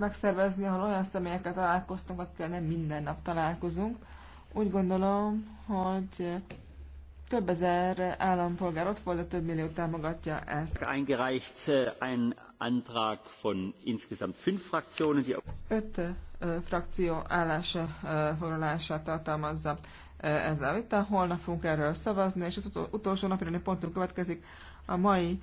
megszervezni, ahol olyan személyekkel találkoztunk, akikkel nem minden nap találkozunk. Úgy gondolom, hogy több ezer állampolgár ott volt, de több millió támogatja ezt. Eingereicht äh, ein Antrag von insgesamt fünf Fraktionen, die... Öt ö, äh, frakció állásfoglalását äh, tartalmazza ez a vita. Holnap fogunk erről szavazni, és az utolsó napirányi pontunk következik a mai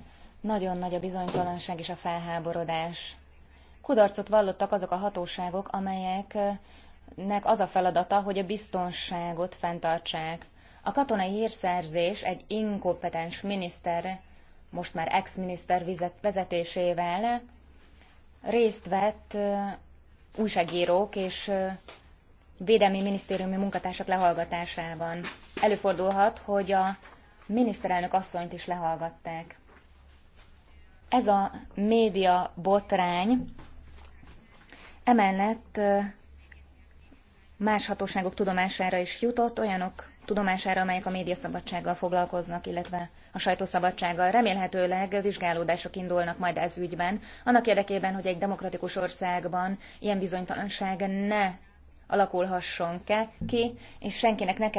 nagyon nagy a bizonytalanság és a felháborodás. Kudarcot vallottak azok a hatóságok, amelyeknek az a feladata, hogy a biztonságot fenntartsák. A katonai hírszerzés egy inkompetens miniszter, most már ex-miniszter vezetésével részt vett újságírók és védelmi minisztériumi munkatársak lehallgatásában. Előfordulhat, hogy a miniszterelnök asszonyt is lehallgatták. Ez a média botrány emellett más hatóságok tudomására is jutott, olyanok tudomására, amelyek a médiaszabadsággal foglalkoznak, illetve a sajtószabadsággal. Remélhetőleg vizsgálódások indulnak majd ez ügyben, annak érdekében, hogy egy demokratikus országban ilyen bizonytalanság ne alakulhasson ki, és senkinek ne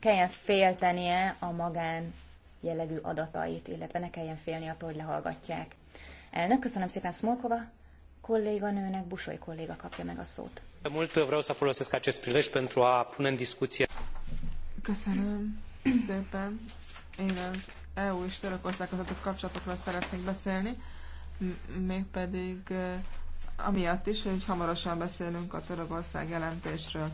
kelljen, féltenie a magán jellegű adatait, illetve ne kelljen félni attól, hogy lehallgatják. Elnök, köszönöm szépen Smolkova, kolléganőnek Busoly kolléga kapja meg a szót. a Köszönöm szépen. Én az EU és Törökország között kapcsolatokról szeretnék beszélni, mégpedig eh, amiatt is, hogy hamarosan beszélünk a Törökország jelentésről.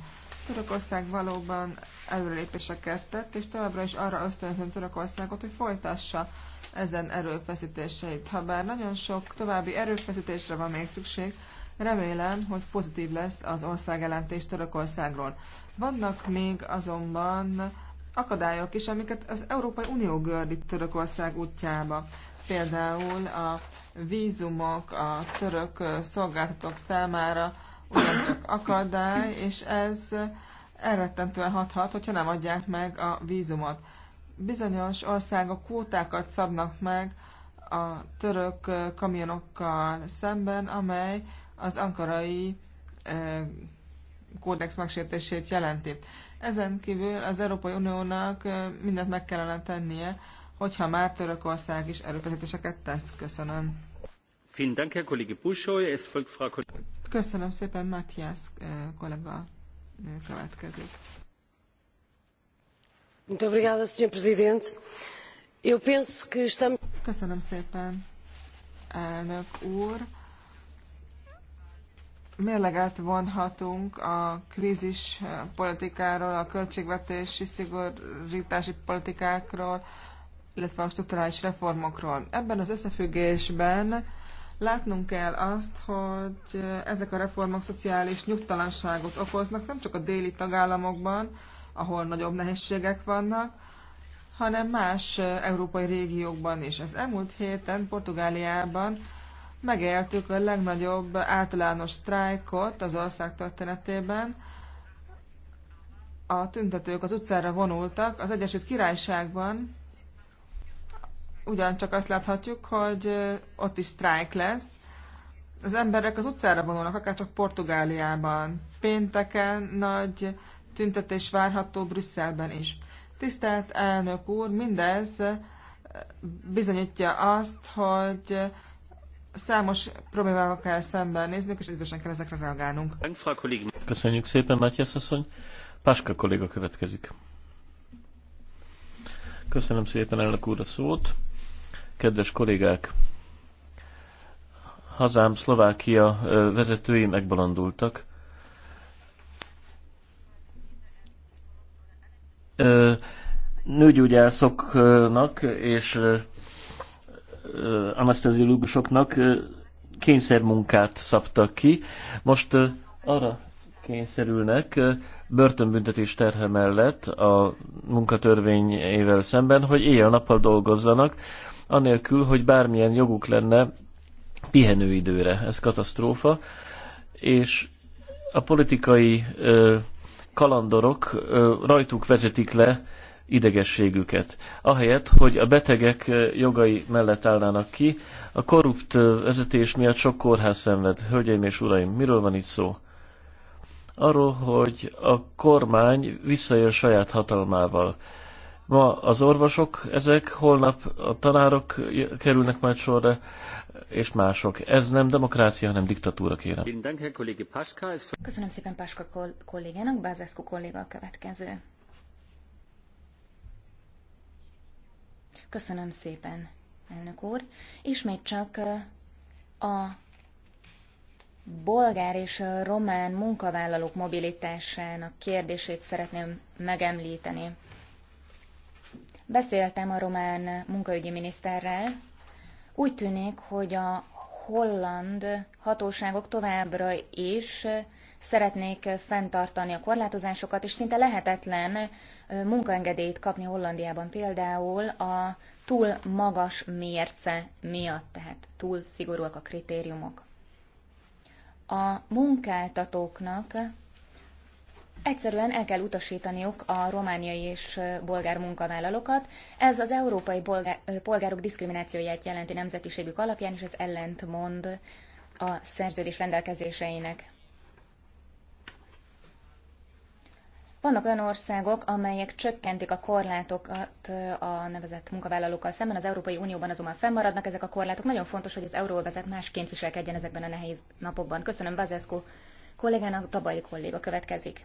Törökország valóban előlépéseket tett, és továbbra is arra ösztönzöm Törökországot, hogy folytassa ezen erőfeszítéseit. Habár nagyon sok további erőfeszítésre van még szükség, remélem, hogy pozitív lesz az ország országjelentés Törökországról. Vannak még azonban akadályok is, amiket az Európai Unió gördít Törökország útjába. Például a vízumok a török szolgáltatók számára, ugyancsak akadály, és ez elrettentően hathat, hogyha nem adják meg a vízumot. Bizonyos országok kvótákat szabnak meg a török kamionokkal szemben, amely az ankarai kódex megsértését jelenti. Ezen kívül az Európai Uniónak mindent meg kellene tennie, hogyha már Törökország is erőfeszítéseket tesz. Köszönöm. Köszönöm szépen, Matthias eh, kollega eh, következik. Muito obrigada, Sr. Presidente. Eu penso que estamos... Köszönöm szépen, elnök úr. Mérleget vonhatunk a krízis eh, politikáról, a költségvetési szigorítási politikákról, illetve a strukturális reformokról. Ebben az összefüggésben Látnunk kell azt, hogy ezek a reformok szociális nyugtalanságot okoznak nem csak a déli tagállamokban, ahol nagyobb nehézségek vannak, hanem más európai régiókban is. Az elmúlt héten Portugáliában megéltük a legnagyobb általános sztrájkot az ország történetében. A tüntetők az utcára vonultak, az Egyesült Királyságban ugyancsak azt láthatjuk, hogy ott is sztrájk lesz. Az emberek az utcára vonulnak, akár csak Portugáliában. Pénteken nagy tüntetés várható Brüsszelben is. Tisztelt elnök úr, mindez bizonyítja azt, hogy számos problémával kell szembenéznünk, és idősen kell ezekre reagálnunk. Köszönjük szépen, Mátyász asszony. Páska kolléga következik. Köszönöm szépen, elnök úr, a szót. Kedves kollégák! Hazám Szlovákia vezetői megbalandultak. Nőgyógyászoknak és anesteziológusoknak kényszermunkát szabtak ki. Most arra kényszerülnek börtönbüntetés terhe mellett a munkatörvényével szemben, hogy éjjel-nappal dolgozzanak, anélkül, hogy bármilyen joguk lenne pihenőidőre. Ez katasztrófa. És a politikai ö, kalandorok ö, rajtuk vezetik le idegességüket. Ahelyett, hogy a betegek jogai mellett állnának ki, a korrupt vezetés miatt sok kórház szenved. Hölgyeim és uraim, miről van itt szó? Arról, hogy a kormány visszajön saját hatalmával Ma az orvosok ezek, holnap a tanárok kerülnek majd sorra, és mások. Ez nem demokrácia, hanem diktatúra, kérem. Köszönöm szépen Páska kollégának, Bázeszku kolléga a következő. Köszönöm szépen, elnök úr. Ismét csak a bolgár és román munkavállalók mobilitásának kérdését szeretném megemlíteni. Beszéltem a román munkaügyi miniszterrel. Úgy tűnik, hogy a holland hatóságok továbbra is szeretnék fenntartani a korlátozásokat, és szinte lehetetlen munkaengedélyt kapni Hollandiában például a túl magas mérce miatt, tehát túl szigorúak a kritériumok. A munkáltatóknak egyszerűen el kell utasítaniuk a romániai és bolgár munkavállalókat. Ez az európai bolgár, polgárok diszkriminációját jelenti nemzetiségük alapján, és ez ellentmond a szerződés rendelkezéseinek. Vannak olyan országok, amelyek csökkentik a korlátokat a nevezett munkavállalókkal szemben, az Európai Unióban azonban fennmaradnak ezek a korlátok. Nagyon fontos, hogy az euróvezet másként viselkedjen ezekben a nehéz napokban. Köszönöm Bazescu kollégának, Tabai kolléga következik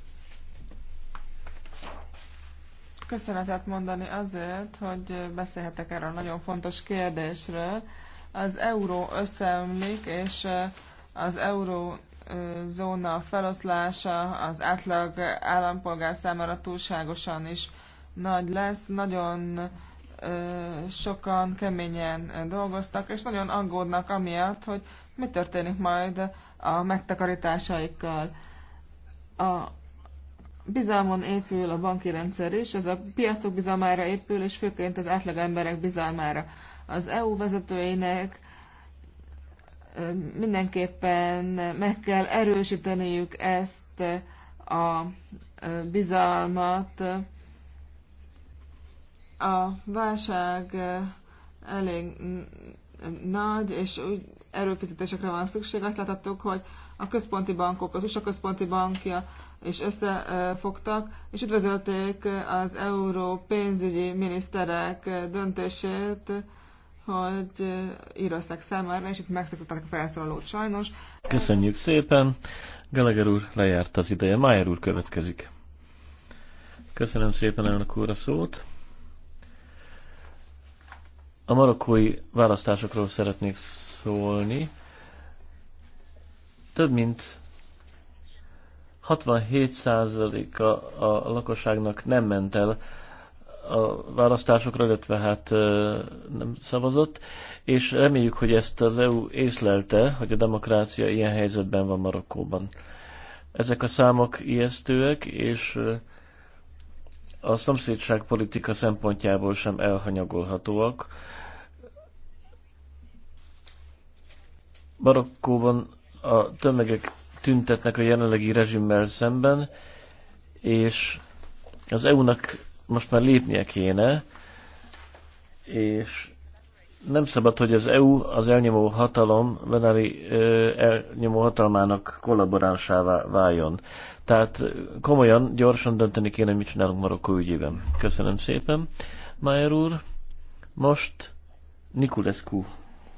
köszönetet mondani azért, hogy beszélhetek erről a nagyon fontos kérdésről. Az euró összeomlik, és az eurózóna feloszlása az átlag állampolgár számára túlságosan is nagy lesz. Nagyon sokan keményen dolgoztak, és nagyon aggódnak amiatt, hogy mi történik majd a megtakarításaikkal. A bizalmon épül a banki rendszer is, ez a piacok bizalmára épül, és főként az átlagemberek bizalmára. Az EU vezetőinek mindenképpen meg kell erősíteniük ezt a bizalmat. A válság elég nagy, és úgy erőfeszítésekre van szükség. Azt láthattuk, hogy a központi bankok, az USA központi bankja, és összefogtak, és üdvözölték az euró pénzügyi miniszterek döntését, hogy Írország számára, és itt megszakították a felszólalót sajnos. Köszönjük szépen! Geleger úr, lejárt az ideje. Májer úr következik. Köszönöm szépen elnök úr a szót. A marokkói választásokról szeretnék szólni. Több mint 67%-a a lakosságnak nem ment el a választásokra, illetve hát nem szavazott, és reméljük, hogy ezt az EU észlelte, hogy a demokrácia ilyen helyzetben van Marokkóban. Ezek a számok ijesztőek, és a szomszédság politika szempontjából sem elhanyagolhatóak. Marokkóban a tömegek tüntetnek a jelenlegi rezsimmel szemben, és az EU-nak most már lépnie kéne, és nem szabad, hogy az EU az elnyomó hatalom, Venári elnyomó hatalmának kollaboránsává váljon. Tehát komolyan, gyorsan dönteni kéne, mit csinálunk Marokkó ügyében. Köszönöm szépen, Májer úr. Most Nikulescu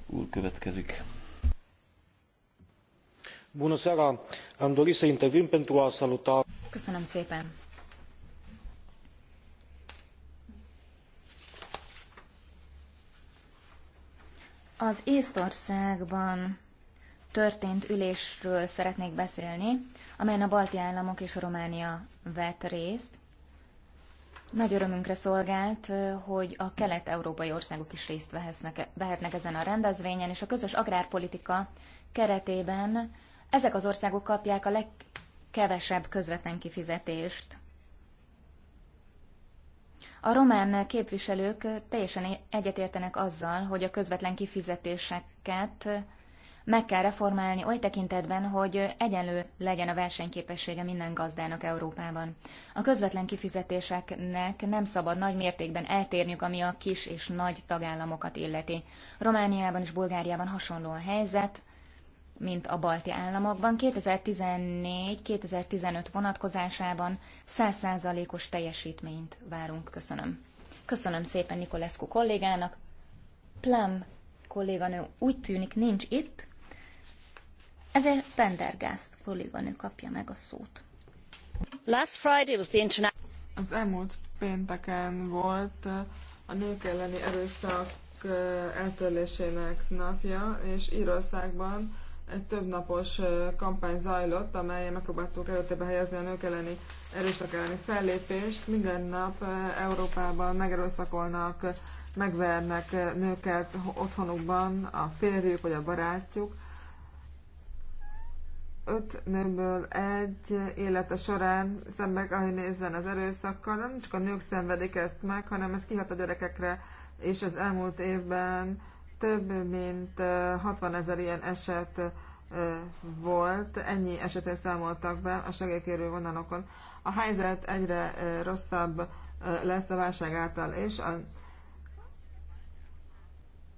úr következik. Am dorit să intervin pentru a saluta... Köszönöm szépen! Az Észtországban történt ülésről szeretnék beszélni, amelyen a balti államok és a Románia vett részt. Nagy örömünkre szolgált, hogy a kelet-európai országok is részt vehetnek ezen a rendezvényen, és a közös agrárpolitika keretében ezek az országok kapják a legkevesebb közvetlen kifizetést. A román képviselők teljesen egyetértenek azzal, hogy a közvetlen kifizetéseket meg kell reformálni oly tekintetben, hogy egyenlő legyen a versenyképessége minden gazdának Európában. A közvetlen kifizetéseknek nem szabad nagy mértékben eltérniük, ami a kis és nagy tagállamokat illeti. Romániában és Bulgáriában hasonló a helyzet, mint a balti államokban. 2014-2015 vonatkozásában 100%-os teljesítményt várunk. Köszönöm. Köszönöm szépen Nikolescu kollégának. Plum kolléganő úgy tűnik nincs itt, ezért Pendergast kolléganő kapja meg a szót. Last Friday was the international... Az elmúlt pénteken volt uh, a nők elleni erőszak uh, eltörlésének napja, és Írországban több napos kampány zajlott, amelyen megpróbáltuk előtérbe helyezni a nők elleni erőszak elleni fellépést. Minden nap Európában megerőszakolnak, megvernek nőket otthonukban, a férjük vagy a barátjuk. Öt nőből egy élete során szembe kell, hogy nézzen az erőszakkal. Nem csak a nők szenvedik ezt meg, hanem ez kihat a gyerekekre, és az elmúlt évben több mint 60 ezer ilyen eset volt, ennyi esetre számoltak be a segélykérő vonalokon. A helyzet egyre rosszabb lesz a válság által, és a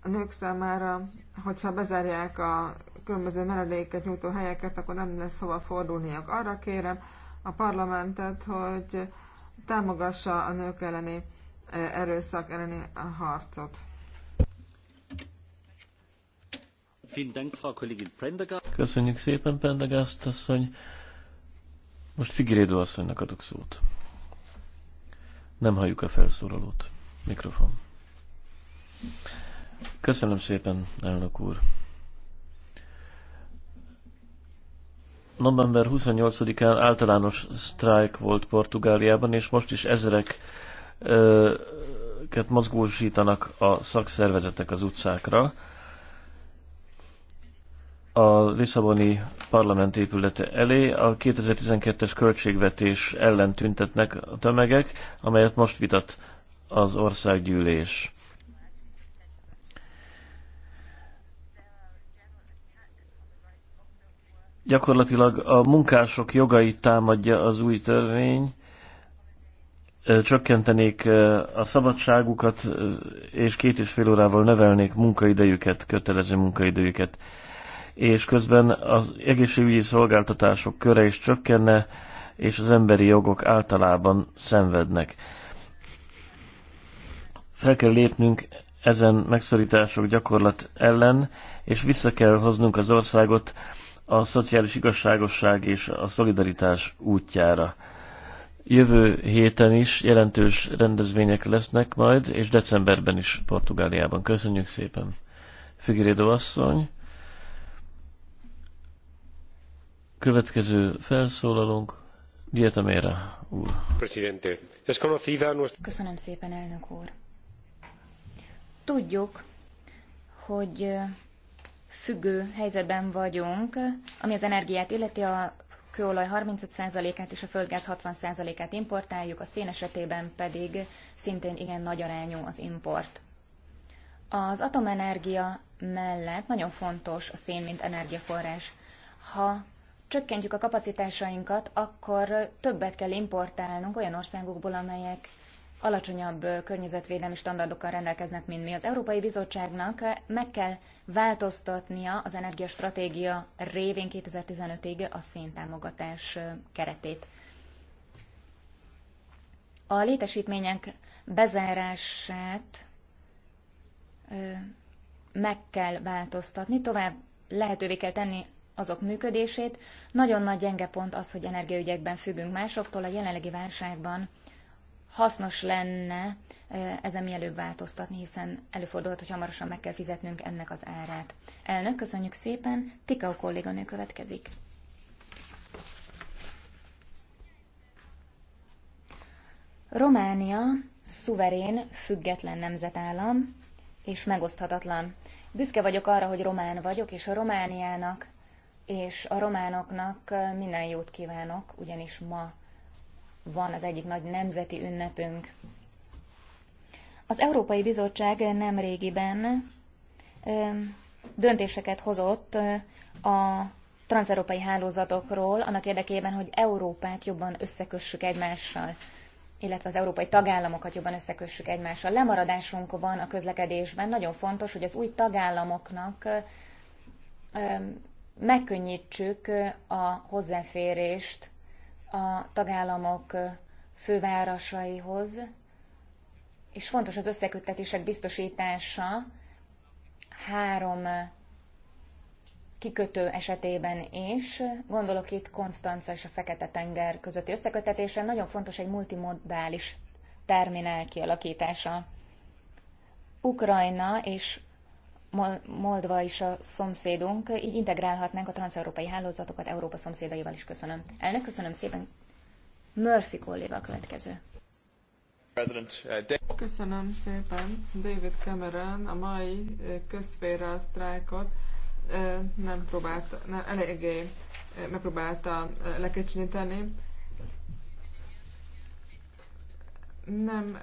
a nők számára, hogyha bezárják a különböző menedéket nyújtó helyeket, akkor nem lesz hova fordulniak. Arra kérem a parlamentet, hogy támogassa a nők elleni erőszak elleni harcot. Köszönjük szépen, Prendergast asszony. Most Figyelédő asszonynak adok szót. Nem halljuk a felszólalót. Mikrofon. Köszönöm szépen, elnök úr. November 28-án általános sztrájk volt Portugáliában, és most is ezerek ö, mozgósítanak a szakszervezetek az utcákra a Lisszaboni parlament épülete elé. A 2012-es költségvetés ellen tüntetnek a tömegek, amelyet most vitat az országgyűlés. Gyakorlatilag a munkások jogait támadja az új törvény, csökkentenék a szabadságukat, és két és fél órával növelnék munkaidejüket, kötelező munkaidejüket és közben az egészségügyi szolgáltatások köre is csökkenne, és az emberi jogok általában szenvednek. Fel kell lépnünk ezen megszorítások gyakorlat ellen, és vissza kell hoznunk az országot a szociális igazságosság és a szolidaritás útjára. Jövő héten is jelentős rendezvények lesznek majd, és decemberben is Portugáliában. Köszönjük szépen! Figueredo asszony, Következő felszólalónk Dietamére úr. Köszönöm szépen, elnök úr. Tudjuk, hogy függő helyzetben vagyunk, ami az energiát illeti a kőolaj 35%-át és a földgáz 60%-át importáljuk, a szén esetében pedig szintén igen nagy arányú az import. Az atomenergia mellett nagyon fontos a szén, mint energiaforrás. Ha csökkentjük a kapacitásainkat, akkor többet kell importálnunk olyan országokból, amelyek alacsonyabb környezetvédelmi standardokkal rendelkeznek, mint mi. Az Európai Bizottságnak meg kell változtatnia az energiastratégia révén 2015-ig a széntámogatás keretét. A létesítmények bezárását meg kell változtatni, tovább lehetővé kell tenni azok működését. Nagyon nagy gyenge pont az, hogy energiaügyekben függünk másoktól. A jelenlegi válságban hasznos lenne ezen mielőbb változtatni, hiszen előfordulhat, hogy hamarosan meg kell fizetnünk ennek az árát. Elnök, köszönjük szépen. Tikau kolléganő következik. Románia szuverén, független nemzetállam és megoszthatatlan. Büszke vagyok arra, hogy román vagyok, és a Romániának és a románoknak minden jót kívánok, ugyanis ma van az egyik nagy nemzeti ünnepünk. Az Európai Bizottság nemrégiben döntéseket hozott a transzeurópai hálózatokról, annak érdekében, hogy Európát jobban összekössük egymással, illetve az európai tagállamokat jobban összekössük egymással. Lemaradásunk van a közlekedésben. Nagyon fontos, hogy az új tagállamoknak megkönnyítsük a hozzáférést a tagállamok fővárosaihoz, és fontos az összeköttetések biztosítása három kikötő esetében is. Gondolok itt Konstanca és a Fekete-tenger közötti összeköttetésre. Nagyon fontos egy multimodális terminál kialakítása. Ukrajna és Moldva is a szomszédunk, így integrálhatnánk a transeurópai hálózatokat Európa szomszédaival is. Köszönöm. Elnök, köszönöm szépen. Murphy kolléga a következő. Uh, köszönöm szépen. David Cameron a mai uh, közszféra sztrájkot uh, nem próbálta, nem, eléggé megpróbálta lekecsíteni. Nem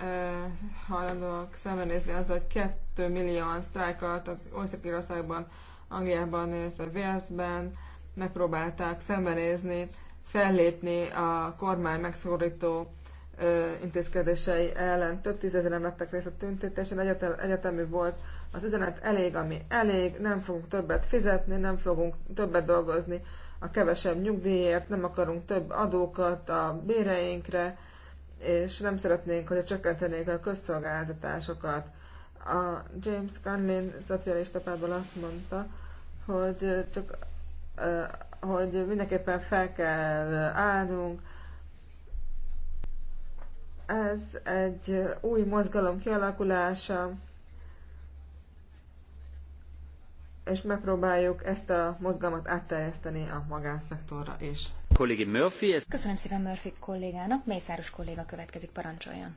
hajlandóak szembenézni azzal, hogy 2 millióan sztrájkoltak Észak-Írországban, Angliában, illetve Walesben, megpróbálták szembenézni, fellépni a kormány megszorító ö, intézkedései ellen. Több tízezeren vettek részt a tüntetésen, egyetem, egyetemű volt az üzenet, elég, ami elég, nem fogunk többet fizetni, nem fogunk többet dolgozni a kevesebb nyugdíjért, nem akarunk több adókat a béreinkre, és nem szeretnénk, hogy csökkentenék a közszolgáltatásokat a James Conlin szocialista párból azt mondta, hogy csak hogy mindenképpen fel kell állnunk. Ez egy új mozgalom kialakulása, és megpróbáljuk ezt a mozgalmat átterjeszteni a magánszektorra is. Kollégi Murphy. Ez... Köszönöm szépen Murphy kollégának. Mészáros kolléga következik, parancsoljon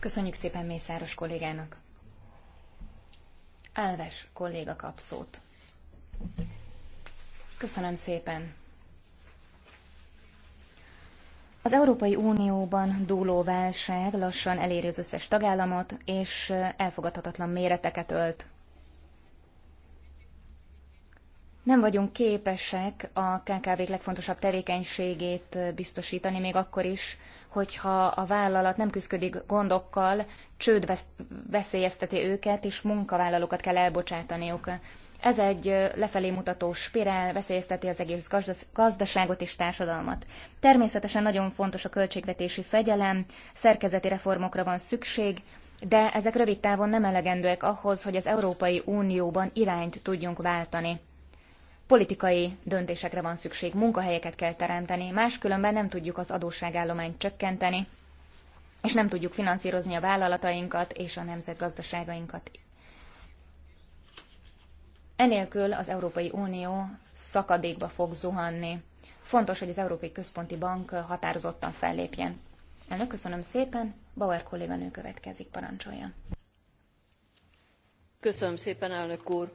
Köszönjük szépen Mészáros kollégának. Elves kolléga kap szót. Köszönöm szépen. Az Európai Unióban dúló válság lassan eléri az összes tagállamot, és elfogadhatatlan méreteket ölt nem vagyunk képesek a KKV-k legfontosabb tevékenységét biztosítani, még akkor is, hogyha a vállalat nem küzdik gondokkal, csőd veszélyezteti őket, és munkavállalókat kell elbocsátaniuk. Ez egy lefelé mutató spirál, veszélyezteti az egész gazdaságot és társadalmat. Természetesen nagyon fontos a költségvetési fegyelem, szerkezeti reformokra van szükség, de ezek rövid távon nem elegendőek ahhoz, hogy az Európai Unióban irányt tudjunk váltani. Politikai döntésekre van szükség, munkahelyeket kell teremteni, máskülönben nem tudjuk az adósságállományt csökkenteni, és nem tudjuk finanszírozni a vállalatainkat és a nemzetgazdaságainkat. Enélkül az Európai Unió szakadékba fog zuhanni. Fontos, hogy az Európai Központi Bank határozottan fellépjen. Elnök, köszönöm szépen. Bauer kolléganő következik, parancsolja. Köszönöm szépen, elnök úr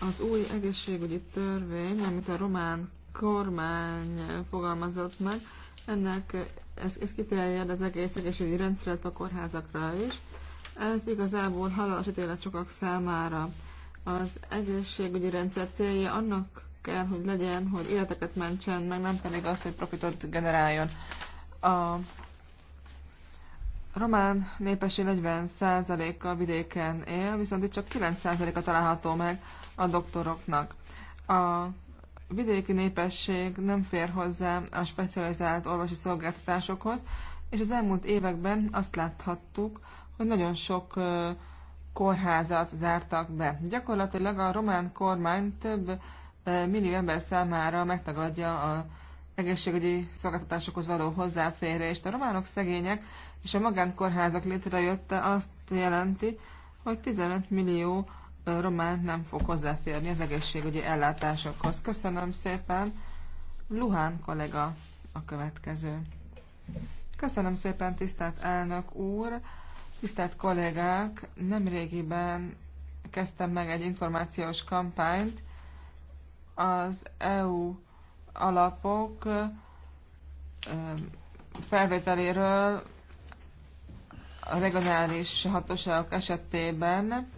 Az új egészségügyi törvény, amit a román kormány fogalmazott meg, ennek ez, ez kiterjed az egész egészségügyi rendszeret a kórházakra is. Ez igazából halálos ítélet sokak számára. Az egészségügyi rendszer célja annak kell, hogy legyen, hogy életeket mentsen, meg nem pedig az, hogy profitot generáljon. A a román népesi 40%-a vidéken él, viszont itt csak 9%-a található meg a doktoroknak. A vidéki népesség nem fér hozzá a specializált orvosi szolgáltatásokhoz, és az elmúlt években azt láthattuk, hogy nagyon sok kórházat zártak be. Gyakorlatilag a román kormány több millió ember számára megtagadja a egészségügyi szolgáltatásokhoz való hozzáférést. A románok szegények, és a magánkórházak létrejötte azt jelenti, hogy 15 millió román nem fog hozzáférni az egészségügyi ellátásokhoz. Köszönöm szépen. Luhán kollega a következő. Köszönöm szépen, tisztelt elnök úr, tisztelt kollégák! Nemrégiben kezdtem meg egy információs kampányt. Az EU alapok felvételéről a regionális hatóságok esetében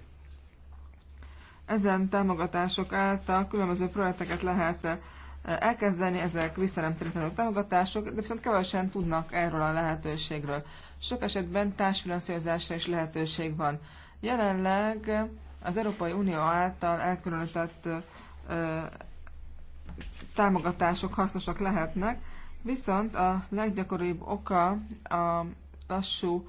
ezen támogatások által különböző projekteket lehet eh, elkezdeni, ezek visszanemtéríthető támogatások, de viszont kevesen tudnak erről a lehetőségről. Sok esetben társfinanszírozásra is lehetőség van. Jelenleg az Európai Unió által elkülönített eh, támogatások hasznosak lehetnek, viszont a leggyakoribb oka a lassú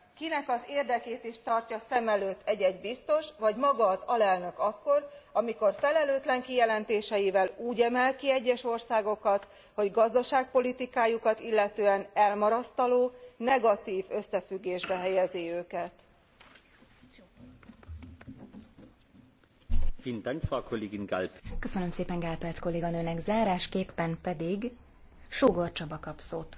kinek az érdekét is tartja szem előtt egy egy biztos vagy maga az alelnök akkor amikor felelőtlen kijelentéseivel úgy emel ki egyes országokat hogy gazdaságpolitikájukat illetően elmarasztaló negatv összefüggésbe helyezi őket. köszönöm szépen gál pelcz kolléganőnek zárásképpen pedig sógor csaba kap szót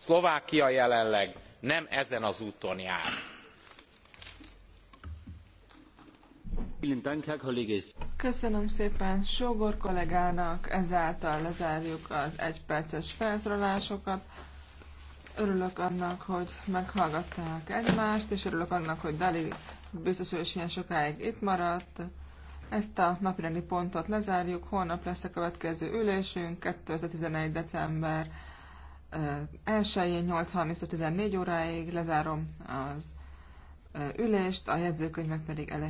szlovákia jelenleg nem ezen az úton jár. Köszönöm szépen Sógor kollégának, ezáltal lezárjuk az egyperces felszólalásokat. Örülök annak, hogy meghallgatták egymást, és örülök annak, hogy Dali biztos, hogy ilyen sokáig itt maradt. Ezt a napirendi pontot lezárjuk, holnap lesz a következő ülésünk, 2011. december elsőjén 8.30-14 óráig lezárom az ülést, a jegyzőkönyvek pedig elérhetőek.